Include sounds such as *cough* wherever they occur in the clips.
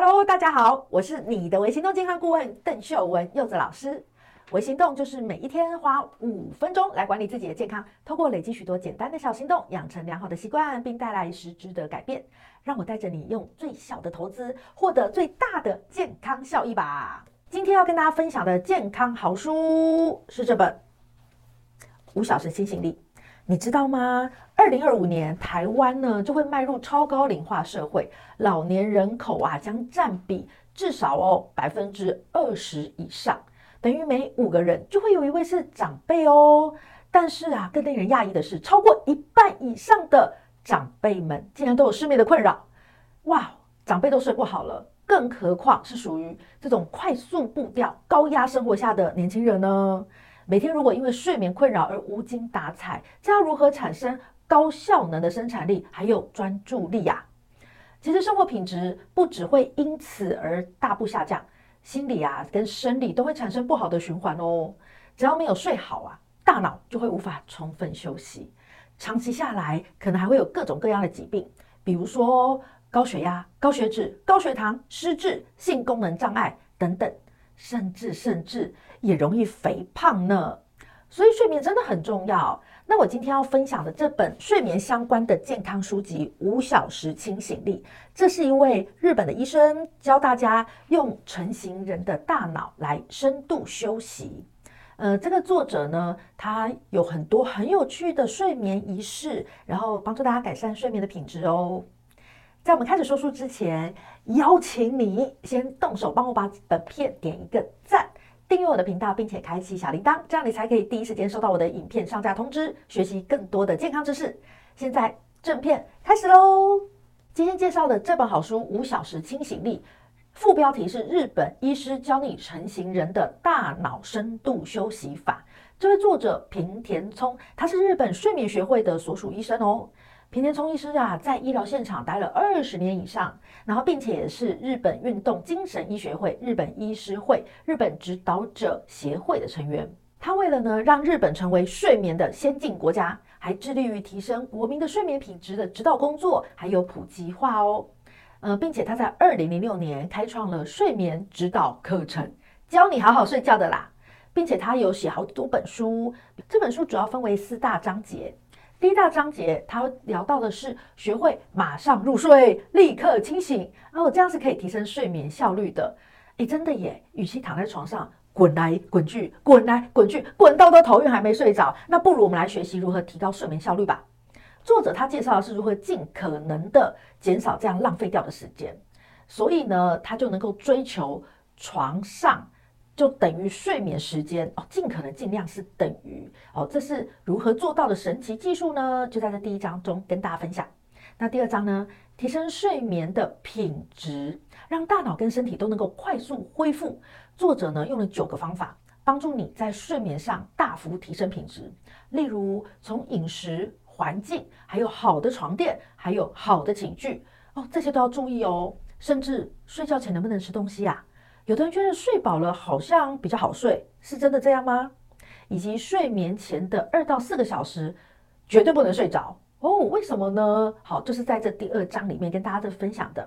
Hello，大家好，我是你的微行動健康顧問鄧琇文柚子老師。微行動就是每一天花五分鐘來管理自己的健康，通過累積許多簡單的小行動，養成良好的習慣，並帶來實質的改變。讓我帶着你用最小的投資，獲得最大的健康效益吧。今天要跟大家分享的健康好書是這本《五小時清醒力》。你知道嗎？二零二五年台灣呢就會邁入超高齡化社會，老年人口啊將佔比至少哦百分之二十以上，等於每五個人就會有一位是長輩哦。但是啊，更令人訝異的是，超過一半以上的長輩們竟然都有失眠的困擾。哇，長輩都睡不好了，更何況是屬於這種快速步調、高壓生活下的年輕人呢？每天如果因為睡眠困擾而無精打采，這樣如何產生高效能的生產力還有專注力呀、啊？其實生活品質不只會因此而大幅下降，心理啊跟生理都會產生不好的循環哦。只要沒有睡好啊，大腦就會無法充分休息，長期下來可能還會有各種各樣的疾病，比如說高血壓、高血脂、高血糖、失智、性功能障礙等等，甚至甚至。也容易肥胖呢，所以睡眠真的很重要。那我今天要分享的這本睡眠相關的健康書籍《五小時清醒力》，這是一位日本的醫生教大家用晨型人的大腦來深度休息。呃，這個作者呢，他有很多很有趣的睡眠儀式，然後幫助大家改善睡眠的品質哦。在我們開始說書之前，邀請你先動手幫我把本片點一個讚。訂閱我的頻道，並且開啟小鈴鐺，這樣你才可以第一時間收到我的影片上架通知，學習更多的健康知識。現在正片開始嘍！今天介紹的這本好書《五小時清醒力》，副標題是《日本醫師教你晨型人的大腦深度休息法》。這位作者坪田聰，他是日本睡眠學會的所屬醫生哦。坪田聰醫師啊，在醫療現場待了二十年以上，然後並且也是日本運動精神醫學會、日本醫師會、日本指導者協會的成員。他為了呢讓日本成為睡眠的先進國家，還致力於提升國民的睡眠品質的指導工作，還有普及化哦。呃，並且他在二零零六年開創了睡眠指導課程，教你好好睡覺的啦。並且他有寫好多本書，這本書主要分為四大章節。第一大章節，他聊到的是學會馬上入睡，立刻清醒，然後這樣是可以提升睡眠效率的。誒，真的耶！與其躺在床上滾來滾去、滾來滾去、滾到都頭暈還沒睡着，那不如我們來學習如何提高睡眠效率吧。作者他介紹的是如何盡可能的減少這樣浪費掉的時間，所以呢，他就能夠追求床上，就等於睡眠時間哦，盡可能盡量是等於哦，這是如何做到的神奇技術呢？就在這第一章中跟大家分享。那第二章呢，提升睡眠的品質，讓大腦跟身體都能夠快速恢復。作者呢用了九個方法，幫助你在睡眠上大幅提升品質。例如從飲食、環境，還有好的床墊，還有好的寢具哦，這些都要注意哦。甚至睡覺前能不能吃東西呀、啊？有的人覺得睡飽了好像比較好睡，是真的這樣嗎？以及睡眠前的二到四個小時絕對不能睡着哦，為什麼呢？好，就是在這第二章裡面跟大家再分享的。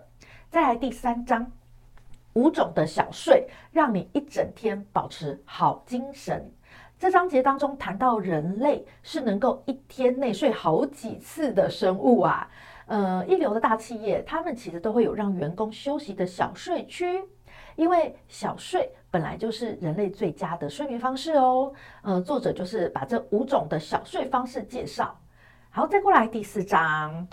再來第三章，五種的小睡讓你一整天保持好精神。這章節當中談到人類是能夠一天內睡好幾次的生物啊，呃，一流的大企業他們其實都會有讓員工休息的小睡區。因為小睡本來就是人類最佳的睡眠方式哦。呃，作者就是把這五種的小睡方式介紹，好，再過來第四章，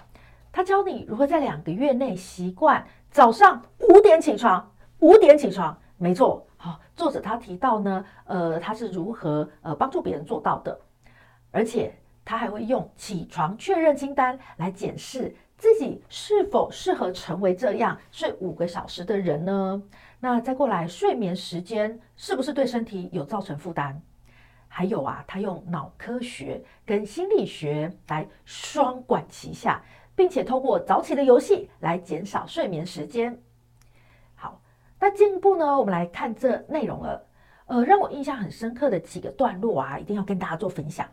他教你如何在兩個月內習慣早上五點起床。五點起床，沒錯。好、哦，作者他提到呢，呃，他是如何呃幫助別人做到的，而且他還會用起床確認清單來檢視自己是否適合成為這樣睡五個小時的人呢？那再過來，睡眠時間是不是對身體有造成負擔？還有啊，他用腦科學跟心理學來雙管齊下，並且通過早起的遊戲來減少睡眠時間。好，那進一步呢，我們來看這內容了。呃，讓我印象很深刻的幾個段落啊，一定要跟大家做分享。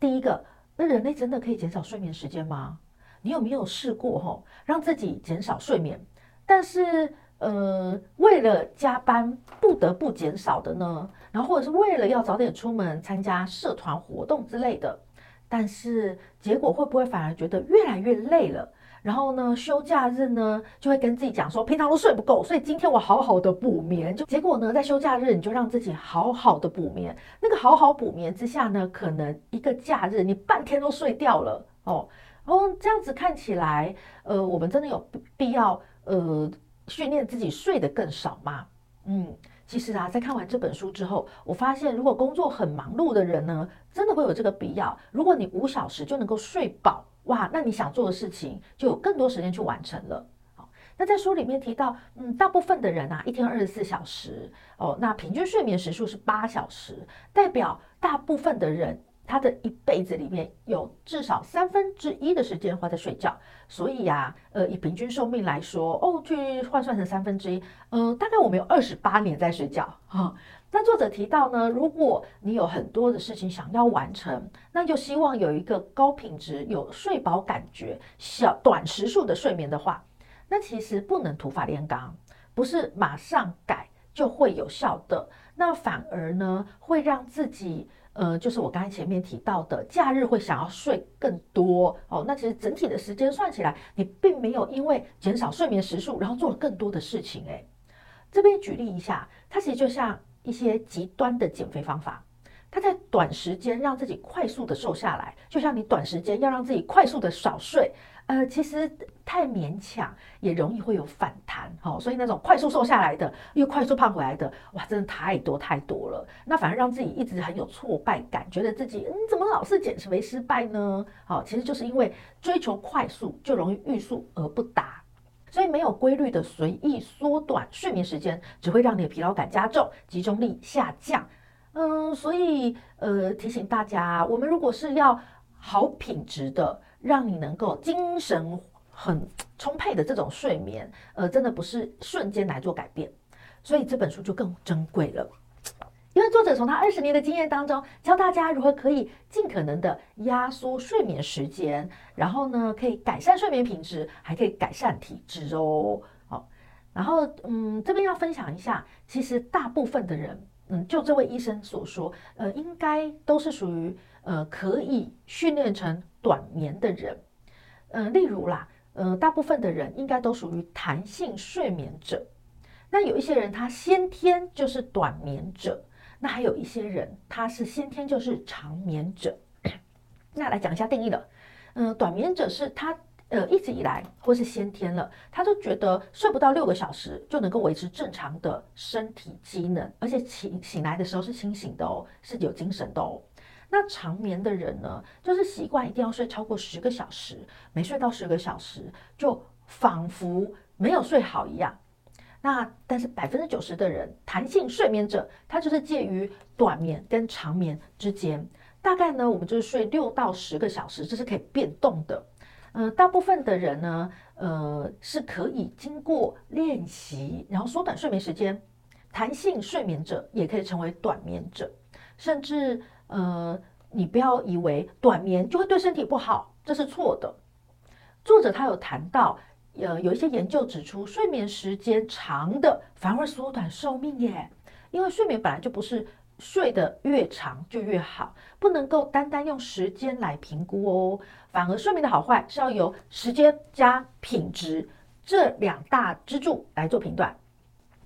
第一個，那人類真的可以減少睡眠時間嗎？你有沒有試過吼、哦，讓自己減少睡眠？但是。呃，為了加班不得不減少的呢，然後或者是為了要早點出門參加社團活動之類的，但是結果會不會反而覺得越來越累了？然後呢，休假日呢就會跟自己講說，平常都睡不夠，所以今天我好好的補眠。就結果呢，在休假日你就讓自己好好的補眠。那個好好補眠之下呢，可能一個假日你半天都睡掉了哦。然後這樣子看起來，呃，我們真的有必要，呃。訓練自己睡得更少嗎？嗯，其實啊，在看完這本書之後，我發現如果工作很忙碌的人呢，真的會有這個必要。如果你五小時就能夠睡飽，哇，那你想做的事情就有更多時間去完成了。好，那在書裡面提到，嗯，大部分的人啊，一天二十四小時哦，那平均睡眠時數是八小時，代表大部分的人，他的一輩子裡面有至少三分之一的時間花在睡覺，所以呀、啊，呃，以平均壽命來說，哦，去換算成三分之一，嗯、呃，大概我們有二十八年在睡覺啊、嗯。那作者提到呢，如果你有很多的事情想要完成，那就希望有一個高品質、有睡飽感覺、小短時數的睡眠的話，那其實不能土法煉鋼，不是馬上改就會有效的，那反而呢會讓自己。呃，就是我剛才前面提到的，假日會想要睡更多哦。那其實整體的時間算起來，你並沒有因為減少睡眠時數，然後做了更多的事情。誒，這邊舉例一下，它其實就像一些極端的減肥方法，它在短時間讓自己快速的瘦下來，就像你短時間要讓自己快速的少睡。呃，其實。太勉強也容易會有反彈哈、哦，所以那種快速瘦下來的又快速胖回來的，哇，真的太多太多了。那反而讓自己一直很有挫敗感，覺得自己嗯怎麼老是減肥失敗呢？好、哦，其實就是因為追求快速就容易欲速而不達，所以沒有規律的隨意縮短睡眠時間，只會讓你的疲勞感加重，集中力下降。嗯，所以呃提醒大家，我們如果是要好品質的，讓你能夠精神。很充沛的這種睡眠，呃，真的不是瞬間來做改變，所以這本書就更珍貴了。因為作者從他二十年的經驗當中，教大家如何可以盡可能的壓縮睡眠時間，然後呢，可以改善睡眠品質，還可以改善體質哦。好，然後嗯，這邊要分享一下，其實大部分的人，嗯，就這位醫生所說，呃，應該都是屬於，呃，可以訓練成短眠的人，呃，例如啦。呃，大部分的人應該都屬於彈性睡眠者，那有一些人他先天就是短眠者，那還有一些人他是先天就是長眠者。 *coughs* 那來講一下定義了，嗯、呃，短眠者是他呃一直以來或是先天了，他都覺得睡不到六個小時就能夠維持正常的身體機能，而且醒醒來的時候是清醒的哦，是有精神的哦。那長眠的人呢，就是習慣一定要睡超過十個小時，沒睡到十個小時，就仿佛沒有睡好一樣。那但是百分之九十的人，彈性睡眠者，他就是介於短眠跟長眠之間，大概呢，我們就是睡六到十個小時，這是可以變動的。嗯、呃，大部分的人呢，呃，是可以經過練習，然後縮短睡眠時間，彈性睡眠者也可以成為短眠者，甚至。呃，你不要以為短眠就會對身體不好，這是錯的。作者他有談到，呃，有一些研究指出，睡眠時間長的反而縮短壽命耶，因為睡眠本來就不是睡得越長就越好，不能夠單單用時間來評估哦。反而睡眠的好壞是要由時間加品質這兩大支柱來做評斷，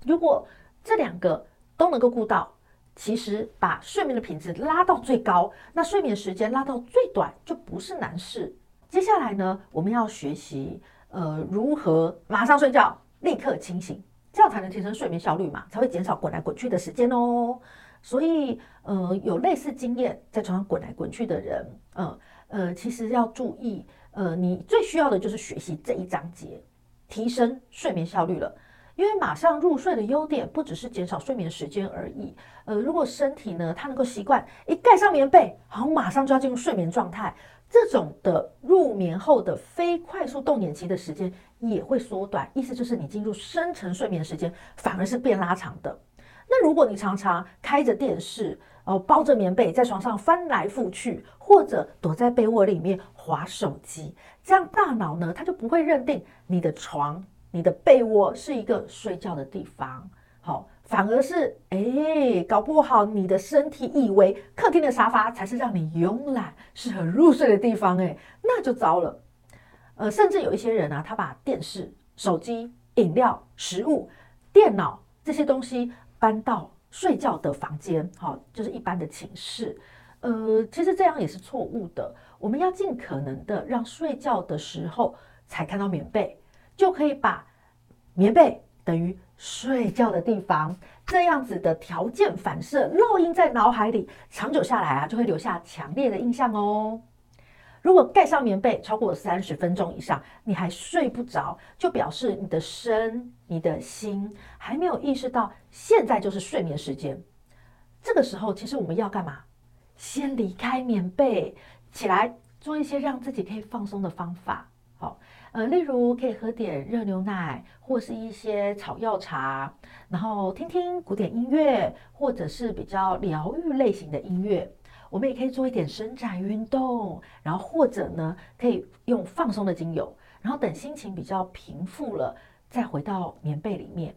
如果這兩個都能夠顧到。其實把睡眠的品質拉到最高，那睡眠時間拉到最短就不是難事。接下來呢，我們要學習，呃，如何馬上睡覺，立刻清醒，這樣才能提升睡眠效率嘛，才會減少滾來滾去的時間哦。所以，呃，有類似經驗在床上滾來滾去的人，嗯，呃，呃，其實要注意，呃，你最需要的就是學習這一章節，提升睡眠效率了。因為馬上入睡的優點不只是減少睡眠時間而已，呃，如果身體呢，它能夠習慣一蓋上棉被，好像馬上就要進入睡眠狀態，這種的入眠後的非快速動眼期的時間也會縮短，意思就是你進入深層睡眠的時間反而是變拉長的。那如果你常常開着電視，哦，包着棉被在床上翻來覆去，或者躲在被窩裡面滑手機，這樣大腦呢，它就不會認定你的床。你的被窩是一個睡覺的地方，好、哦，反而是哎、欸，搞不好你的身體以為客廳的沙發才是讓你慵懶、適合入睡的地方、欸，哎，那就糟了。呃，甚至有一些人啊，他把電視、手機、飲料、食物、電腦這些東西搬到睡覺的房間，好、哦，就是一般的寢室。呃，其實這樣也是錯誤的。我們要盡可能的讓睡覺的時候才看到棉被。就可以把棉被等於睡覺的地方，這樣子的條件反射烙印在腦海裡，長久下來啊，就會留下強烈的印象哦。如果蓋上棉被超過三十分鐘以上，你還睡不着，就表示你的身、你的心還沒有意識到現在就是睡眠時間。這個時候，其實我們要幹嘛？先離開棉被，起來做一些讓自己可以放鬆的方法。好，呃，例如可以喝點熱牛奶，或是一些草藥茶，然後聽聽古典音樂，或者是比較療癒類型的音樂。我們也可以做一點伸展運動，然後或者呢，可以用放鬆的精油，然後等心情比較平復了，再回到棉被裡面。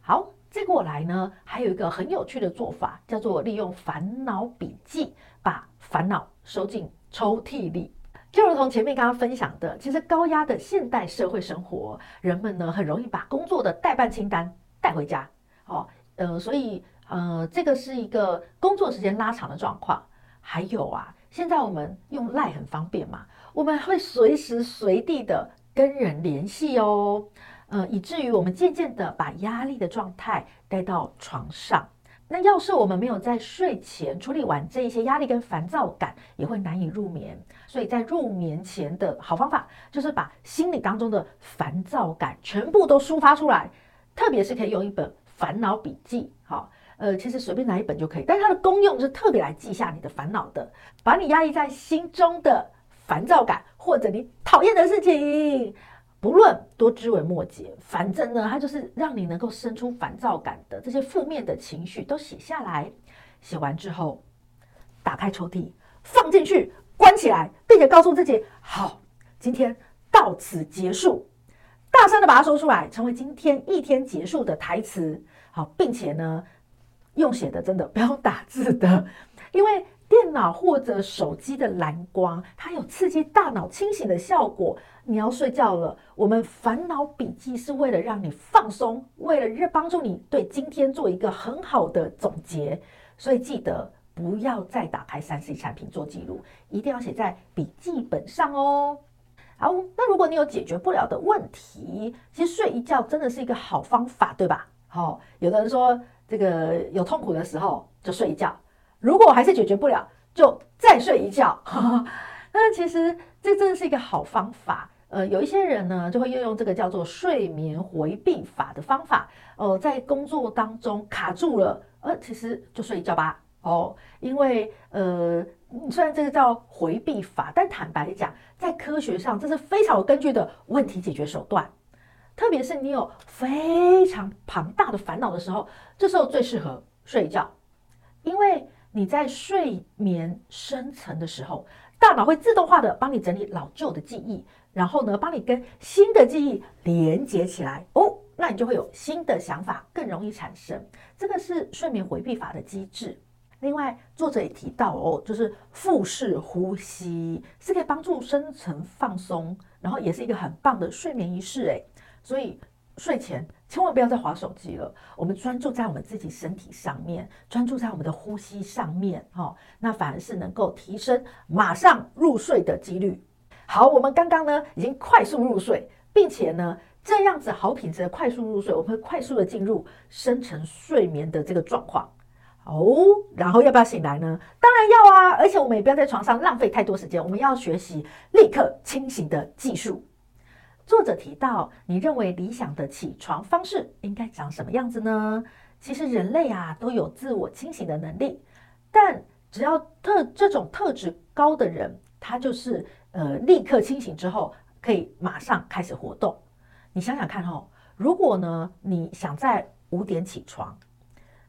好，再過來呢，還有一個很有趣的做法，叫做利用煩惱筆記，把煩惱收進抽屜裡。就如同前面剛剛分享的，其實高壓的現代社會生活，人們呢，很容易把工作的待辦清單帶回家，哦，呃，所以呃，這個是一個工作時間拉長的狀況。還有啊，現在我們用賴很方便嘛，我們會隨時隨地的跟人聯繫哦，呃，以至於我們漸漸的把壓力的狀態帶到床上。那要是我們沒有在睡前處理完這一些壓力跟煩躁感，也會難以入眠。所以在入眠前的好方法，就是把心裡當中的煩躁感全部都抒發出來，特別是可以用一本煩惱筆記，好，呃，其實隨便拿一本就可以，但它的功用是特別來記下你的煩惱的，把你壓抑在心中的煩躁感或者你討厭的事情。無論多枝微末節，反正呢，它就是讓你能夠生出煩躁感的這些負面的情緒都寫下來。寫完之後，打開抽屜，放進去，關起來，並且告訴自己：好，今天到此結束。大聲的把它說出來，成為今天一天結束的台詞。好，並且呢，用寫的，真的不用打字的，因為。腦或者手機的藍光，它有刺激大腦清醒的效果。你要睡覺了，我們煩惱筆記是為了讓你放鬆，為了幫助你對今天做一個很好的總結。所以記得不要再打開三 C 產品做記錄，一定要寫在筆記本上哦。好，那如果你有解決不了的問題，其實睡一覺真的是一個好方法，對吧？好、哦，有的人說這個有痛苦的時候就睡一覺，如果還是解決不了。就再睡一覺呵呵，那其實這真的是一個好方法。呃，有一些人呢就會運用這個叫做睡眠回避法的方法。哦、呃，在工作當中卡住了，呃，其實就睡一覺吧。哦，因為呃，雖然這個叫回避法，但坦白講，在科學上這是非常有根據的問題解決手段。特別是你有非常龐大的煩惱的時候，這時候最適合睡一覺，因為。你在睡眠深層的時候，大腦會自動化的幫你整理老舊的記憶，然後呢，幫你跟新的記憶連接起來哦，那你就會有新的想法更容易產生。這個是睡眠回避法的機制。另外，作者也提到哦，就是腹式呼吸是可以幫助深層放鬆，然後也是一個很棒的睡眠儀式誒，所以。睡前千萬不要再滑手機了，我們專注在我們自己身體上面，專注在我們的呼吸上面，哦，那反而是能夠提升馬上入睡的幾率。好，我們剛剛呢已經快速入睡，並且呢這樣子好品質的快速入睡，我們會快速的進入深層睡眠的這個狀況哦。然後要不要醒來呢？當然要啊！而且我們也不要在床上浪費太多時間，我們要學習立刻清醒的技術。作者提到，你認為理想的起床方式應該長什麼樣子呢？其實人類啊都有自我清醒的能力，但只要特這種特質高的人，他就是呃立刻清醒之後可以馬上開始活動。你想想看哈、哦，如果呢你想在五點起床，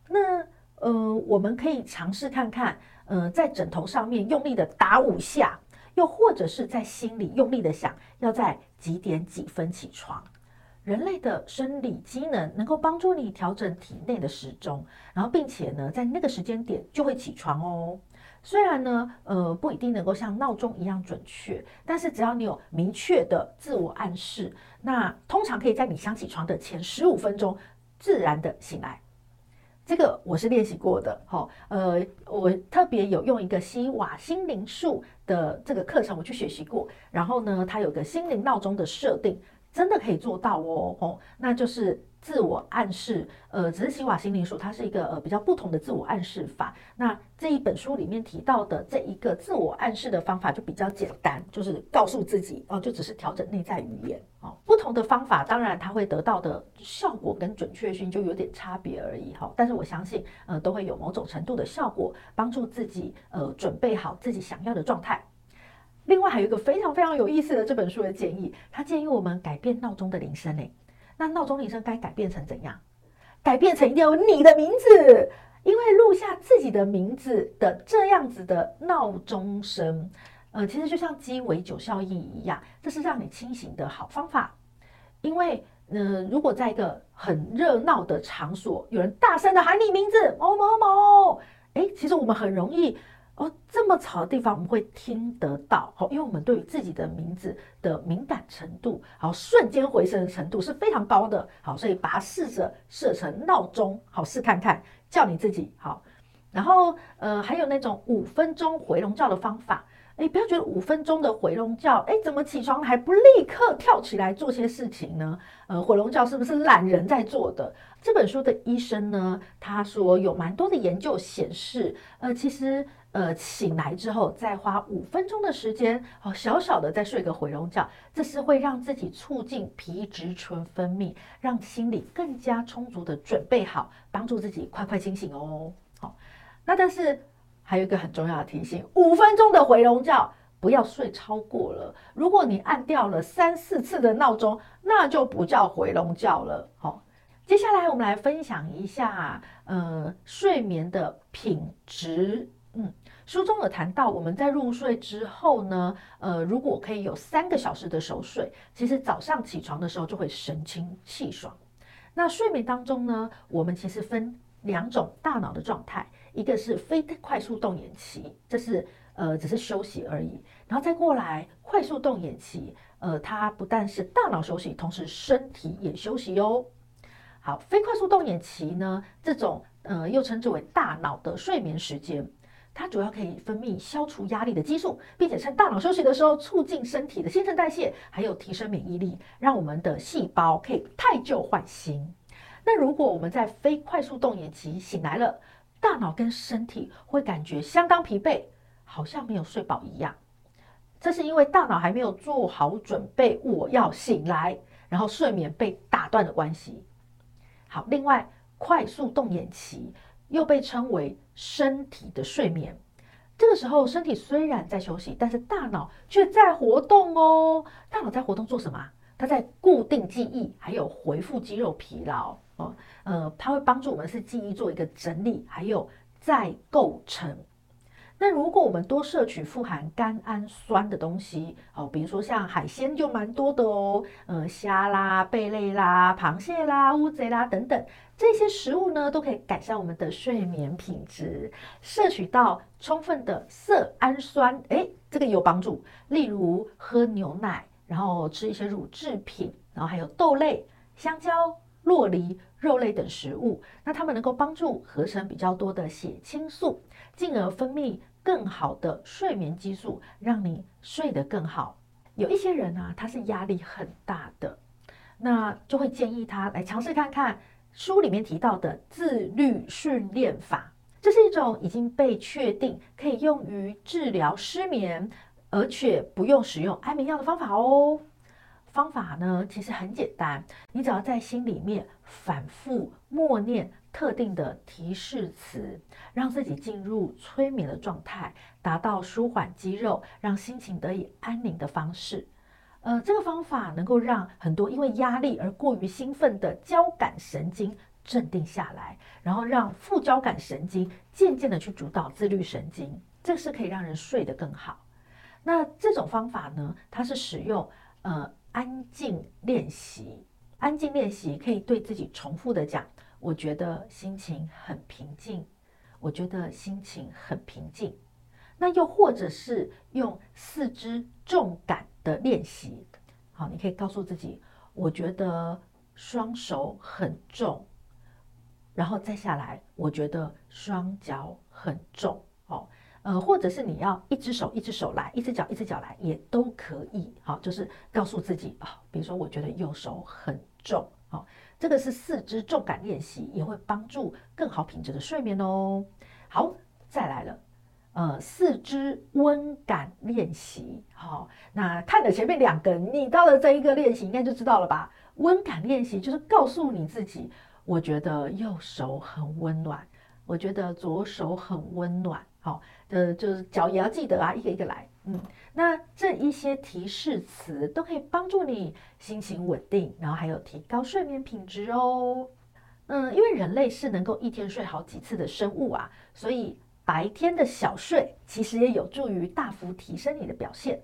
那呃我們可以嘗試看看，呃在枕頭上面用力的打五下。又或者是在心裡用力的想要在幾點幾分起床，人類的生理機能能夠幫助你調整體內的時鐘，然後並且呢在那個時間點就會起床哦。雖然呢呃不一定能夠像鬧鐘一樣準確，但是只要你有明確的自我暗示，那通常可以在你想起床的前十五分鐘自然的醒來。這個我是練習過的，吼，呃，我特別有用一個西瓦心靈術的這個課程，我去學習過，然後呢，它有個心靈鬧鐘的設定，真的可以做到哦，吼，那就是自我暗示，呃，只是西瓦心靈術它是一個呃比較不同的自我暗示法，那這一本書裡面提到的這一個自我暗示的方法就比較簡單，就是告訴自己哦，呃，就只是調整內在語言。哦，不同的方法，當然它會得到的效果跟準確性就有點差別而已哈。但是我相信，呃，都會有某種程度的效果，幫助自己呃準備好自己想要的狀態。另外還有一個非常非常有意思的這本書的建議，他建議我們改變鬧鐘的鈴聲誒，那鬧鐘鈴聲該改變成怎樣？改變成一定要有你的名字，因為錄下自己的名字的這樣子的鬧鐘聲。呃，其實就像雞尾酒效應一樣，這是讓你清醒的好方法。因為，呃，如果在一個很熱鬧的場所，有人大聲的喊你名字某某某，哎，其實我們很容易哦，這麼吵的地方我們會聽得到。好、哦，因為我們對於自己的名字的敏感程度，好、哦，瞬間回聲的程度是非常高的。好、哦，所以把它試着設成鬧鐘，好、哦，試看看叫你自己。好、哦，然後，呃，還有那種五分鐘回籠覺的方法。哎，不要覺得五分鐘的回籠覺，哎，怎麼起床還不立刻跳起來做些事情呢？呃，回籠覺是不是懶人在做的？這本書的醫生呢，他說有蠻多的研究顯示，呃，其實呃，醒來之後再花五分鐘的時間，哦，小小的再睡個回籠覺，這是會讓自己促進皮質醇分泌，讓心理更加充足的準備好，幫助自己快快清醒哦。好，哦，那但是。還有一個很重要的提醒：五分鐘的回籠覺不要睡超過了。如果你按掉了三四次的鬧鐘，那就不叫回籠覺了。好、哦，接下來我們來分享一下，呃，睡眠的品質。嗯，書中有談到，我們在入睡之後呢，呃，如果可以有三個小時的熟睡，其實早上起床的時候就會神清氣爽。那睡眠當中呢，我們其實分兩種大腦的狀態。一個是非快速動眼期，這是呃只是休息而已，然後再過來快速動眼期，呃，它不但是大腦休息，同時身體也休息喲。好，非快速動眼期呢，這種呃又稱之為大腦的睡眠時間，它主要可以分泌消除壓力的激素，並且趁大腦休息的時候，促進身體的新陳代謝，還有提升免疫力，讓我們的細胞可以汰舊換新。那如果我們在非快速動眼期醒來了，大腦跟身體會感覺相當疲憊，好像沒有睡飽一樣。這是因為大腦還沒有做好準備，我要醒來，然後睡眠被打斷的關係。好，另外快速動眼期又被稱為身體的睡眠。這個時候身體雖然在休息，但是大腦卻在活動哦。大腦在活動做什麼啊？它在固定記憶，還有回復肌肉疲勞哦。呃，它會幫助我們是記憶做一個整理，還有再構成。那如果我們多攝取富含甘氨酸的東西，哦，比如說像海鮮就蠻多的哦。呃，蝦啦、貝類啦、螃蟹啦、烏賊啦等等，這些食物呢都可以改善我們的睡眠品質。攝取到充分的色氨酸，哎，這個也有幫助。例如喝牛奶。然後吃一些乳製品，然後還有豆類、香蕉、酪梨、肉類等食物，那它們能夠幫助合成比較多的血清素，進而分泌更好的睡眠激素，讓你睡得更好。有一些人呢、啊，他是壓力很大的，那就會建議他來嘗試看看書裡面提到的自律訓練法，這是一種已經被確定可以用於治療失眠。而且不用使用安眠藥的方法哦。方法呢，其實很簡單，你只要在心裡面反覆默念特定的提示詞，讓自己進入催眠的狀態，達到舒緩肌肉、讓心情得以安寧的方式。呃，這個方法能夠讓很多因為壓力而過於興奮的交感神經鎮定下來，然後讓副交感神經漸漸的去主導自律神經，這是可以讓人睡得更好。那這種方法呢，它是使用呃安靜練習，安靜練習可以對自己重複的講，我覺得心情很平靜，我覺得心情很平靜。那又或者是用四肢重感的練習，好，你可以告訴自己，我覺得雙手很重，然後再下來，我覺得雙腳很重。呃，或者是你要一只手一只手來，一只腳一只腳來，也都可以。好、哦，就是告訴自己啊、哦，比如說我覺得右手很重，好、哦，這個是四肢重感練習，也會幫助更好品質的睡眠哦。好，再來了，呃，四肢溫感練習。好、哦，那看了前面兩個，你到了這一個練習，應該就知道了吧？溫感練習就是告訴你自己，我覺得右手很溫暖，我覺得左手很溫暖。好，呃、哦，就是腳也要記得啊，一個一個來。嗯，那這一些提示詞都可以幫助你心情穩定，然後還有提高睡眠品質哦。嗯，因為人類是能夠一天睡好幾次的生物啊，所以白天的小睡其實也有助於大幅提升你的表現。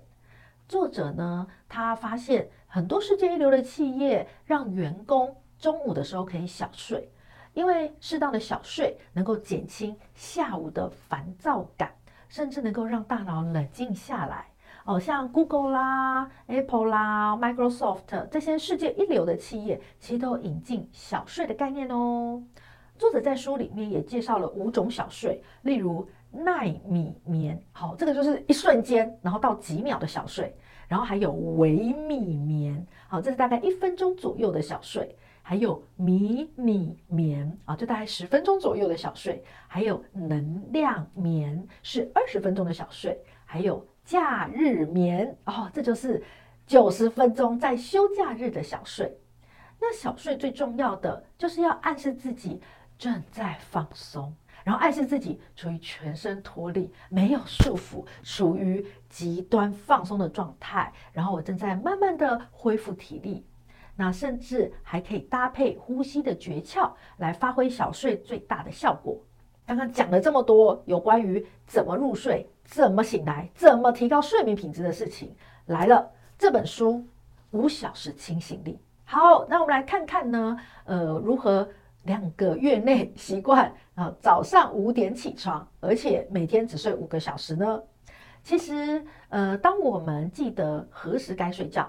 作者呢，他發現很多世界一流的企業讓員工中午的時候可以小睡。因為適當的小睡能夠減輕下午的煩躁感，甚至能夠讓大腦冷靜下來。哦，像 Google 啦、Apple 啦、Microsoft 這些世界一流的企業，其實都引進小睡的概念哦。作者在書裡面也介紹了五種小睡，例如奈米眠，好、哦，這個就是一瞬間，然後到幾秒的小睡；然後還有微米眠，好、哦，這是大概一分鐘左右的小睡。還有迷你眠啊，就大概十分鐘左右的小睡；還有能量眠是二十分鐘的小睡；還有假日眠哦，這就是九十分鐘在休假日的小睡。那小睡最重要的就是要暗示自己正在放鬆，然後暗示自己處於全身脫力、沒有束縛、處於極端放鬆的狀態，然後我正在慢慢的恢復體力。那甚至還可以搭配呼吸的訣竅來發揮小睡最大的效果。剛剛講了這麼多有關於怎麼入睡、怎麼醒來、怎麼提高睡眠品質的事情，來了這本書《五小時清醒力》。好，那我們來看看呢，呃，如何兩個月內習慣啊，呃，早上五點起床，而且每天只睡五個小時呢？其實，呃，當我們記得何時該睡覺。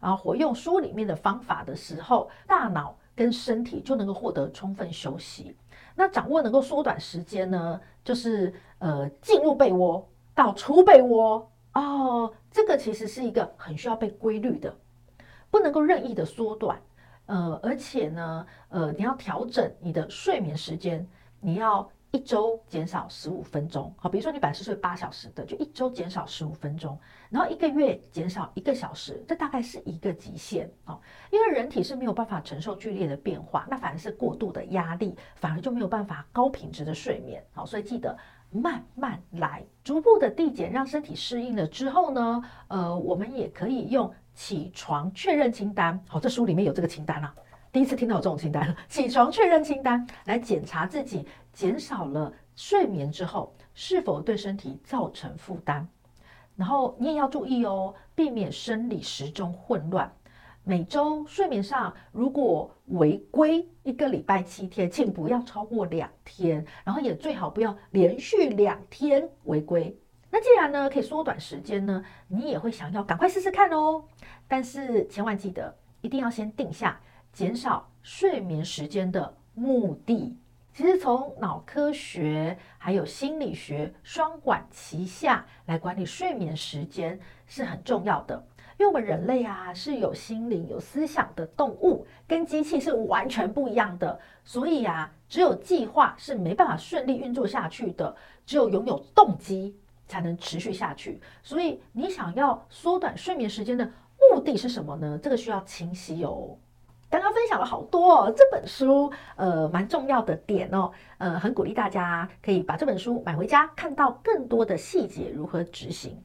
然後活用書裡面的方法的時候，大腦跟身體就能夠獲得充分休息。那掌握能夠縮短時間呢，就是呃進入被窩到出被窩哦，這個其實是一個很需要被規律的，不能夠任意的縮短。呃，而且呢，呃，你要調整你的睡眠時間，你要。一周減少十五分鐘，好，比如說你本來是睡八小時的，就一周減少十五分鐘，然後一個月減少一個小時，這大概是一個極限哦，因為人體是沒有辦法承受劇烈的變化，那反而是過度的壓力，反而就沒有辦法高品質的睡眠，好，哦，所以記得慢慢來，逐步的遞減，讓身體適應了之後呢，呃，我們也可以用起床確認清單，好，這書裡面有這個清單啊。第一次聽到這種清單了，起床確認清單來檢查自己減少了睡眠之後是否對身體造成負擔。然後你也要注意哦，避免生理時鐘混亂。每周睡眠上如果違規一個禮拜七天，請不要超過兩天，然後也最好不要連續兩天違規。那既然呢可以縮短時間呢，你也會想要趕快試試看哦。但是千萬記得一定要先定下。減少睡眠時間的目的，其實從腦科學還有心理學雙管齊下來管理睡眠時間是很重要的。因為我們人類啊是有心靈、有思想的動物，跟機器是完全不一樣的。所以啊，只有計劃是沒辦法順利運作下去的，只有擁有動機才能持續下去。所以你想要縮短睡眠時間的目的是什麼呢？這個需要清晰哦。剛剛分享了好多哦，這本書，呃，蠻重要的點哦，呃，很鼓勵大家可以把這本書買回家，看到更多的細節如何執行。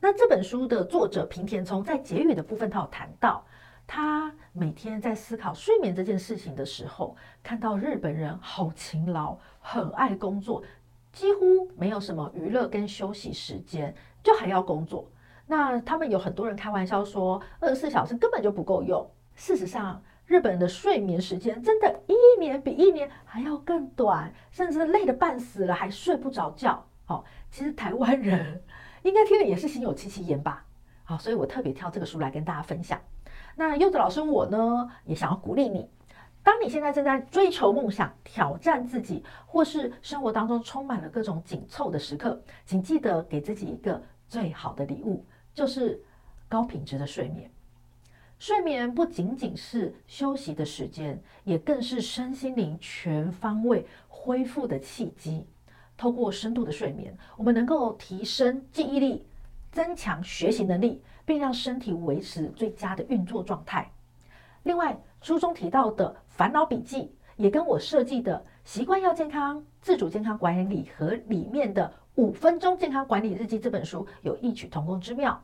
那這本書的作者坪田聰在結語的部分，他有談到，他每天在思考睡眠這件事情的時候，看到日本人好勤勞，很愛工作，幾乎沒有什麼娛樂跟休息時間，就還要工作。那他們有很多人開玩笑說，二十四小時根本就不夠用。事實上，日本人的睡眠時間真的，一年比一年還要更短，甚至累得半死了還睡不着覺。好、哦，其實台灣人應該聽了也是心有戚戚焉吧？好，所以我特別挑這個書來跟大家分享。那柚子老師，我呢也想要鼓勵你，當你現在正在追求夢想、挑戰自己，或是生活當中充滿了各種緊湊的時刻，請記得給自己一個最好的禮物，就是高品質的睡眠。睡眠不僅僅是休息的時間，也更是身心靈全方位恢復的契機。透過深度的睡眠，我們能夠提升記憶力、增強學習能力，並讓身體維持最佳的運作狀態。另外，書中提到的煩惱筆記，也跟我設計的《習慣要健康：自主健康管理禮盒》和裡面的《五分鐘健康管理日記》這本書有異曲同工之妙。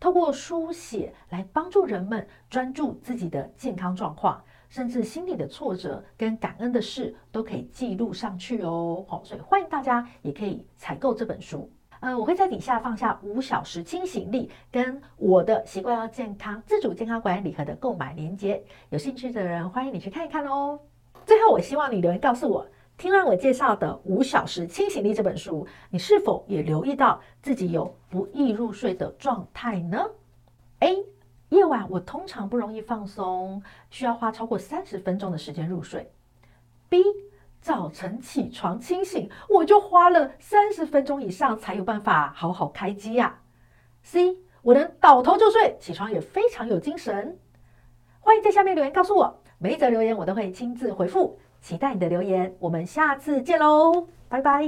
透過書寫來幫助人們專注自己的健康狀況，甚至心理的挫折跟感恩的事都可以記錄上去哦。所以歡迎大家也可以採購這本書。呃，我會在底下放下五小時清醒力跟我的習慣要健康自主健康管理禮盒的購買連結，有興趣的人歡迎你去看一看哦。最後，我希望你留言告訴我。聽完我介紹的《五小時清醒力》這本書，你是否也留意到自己有不易入睡的狀態呢？A. 夜晚我通常不容易放鬆，需要花超過三十分鐘的時間入睡。B. 早晨起床清醒，我就花了三十分鐘以上才有辦法好好開機呀、啊。C. 我能倒頭就睡，起床也非常有精神。歡迎在下面留言告訴我，每一則留言我都會親自回復。期待你的留言，我們下次見嘍，拜拜。